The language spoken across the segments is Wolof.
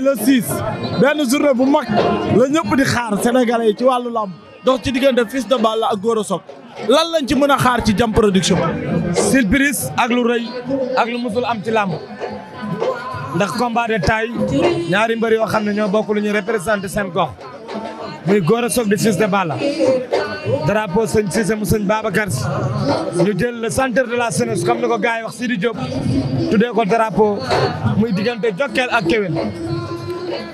tey le 6 benn journée bu mag la ñëpp di xaar sénégalais yi ci wàllu làmb dox ci diggante Fils de Balla ak Gora Sock lan lañ ci mën a xaar ci Jam Production. surprise ak lu rëy ak lu musul am ci làmb ndax combat de taille ñaari mbër yoo xam ne ñoo bokk ñu ñuy représenté seen gox muy Gora Sock di Fils de Balla drapeau sëñ Cissé mu sëñ Babacar ñu jël la centre de la jeunesse comme ni ko gars yi wax Sidi Diop tuddee ko drapeau muy diggante Jokkel ak Kewel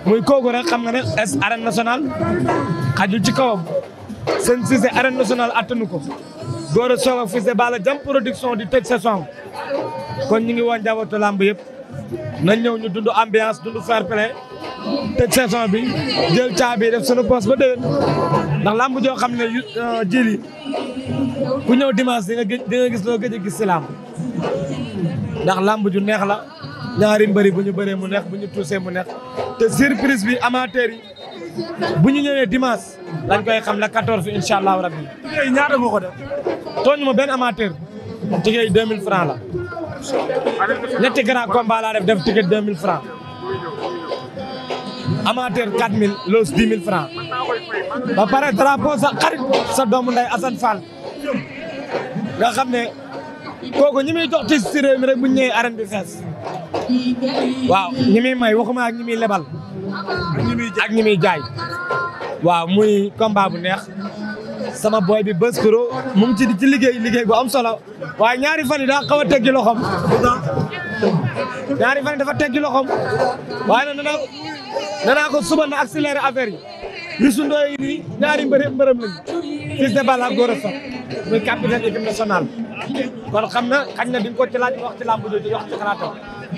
muy kooku rek xam nga ne es arène nationale xajul ci kawam seen Cissé arène national attanu ko góor a soog a production di tëj saison kon ñu ngi woon njabootu làmb yëpp nañ ñëw ñu dund ambiance dund fair play tëj saison bi jël caabi def sunu poste ba déwén ndax làmb joo xam ne euh, jili ku ñëw dimanche di nga di nga gis loo gëj gis si làmb ndax làmb ju neex la ñaari mbëri bu ñu bëree mu neex bu ñu tuusee mu neex te surprise bi amateur yi bu ñu ñëwee dimanche lañ koy xam la 14 incha allahu rabbi. tike yi ko def. tooñ ma benn amateur. tike yi 2000 francs la. ñetti grand combat laa def def tike 2000 francs amateur 4000 loos 10 000 francs ba pare drapeau sa xarit sa doomu nday Assane Fall nga xam ne kooku ñi muy jox ci réew mi rek bu ñu ñëwee arène bi fees. waaw ñi muy may waxuma ak ñi muy lebal. ak ñi muy jaay waaw muy combat bu neex. sama booy bi bés kuro mu ngi ci ci liggéey liggéey bu am solo waaye ñaari fan daa xaw a teggi loxoom ñaari fan dafa teggi loxoom waaye nag nee naa nee ko suba na accéléré affaire yi. Youssou ñaari mbërë mbërëm lañu fils de Balla Gora Sock muy capitaine équipe nationale kon xam na xañ na di ko ci laaj wax ci làmb jooju wax ci xalaatam.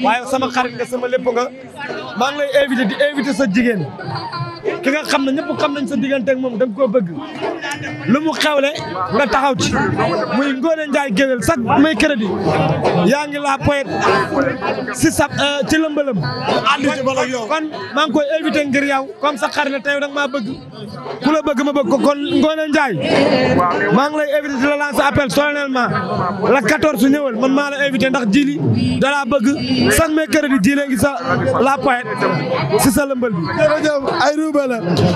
waaye sama xarit nga sama léppo nga maa ngi lay invité di invité sa jigéen ki nga xam ne ñëpp xam nañ sa diggante ak moom koo bëgg lu mu xewle nga taxaw ci muy Ngoone Njaay géwél chaque mercredi yaa ngi laa poète si sa euh, ci lëmbalëm kon maa ngi koy invité ngir yow comme sa xarit la tey danga maa bëgg ku la bëgg ma bëgg ko kon Ngoone Njaay maa ngi lay invité di la lancer appel solennellement la 14 su ñëwal man maa la invité ndax jili da laa bëgg chaque mercredi jile ngi sa la poète si sa lëmbal bi ay ruubal la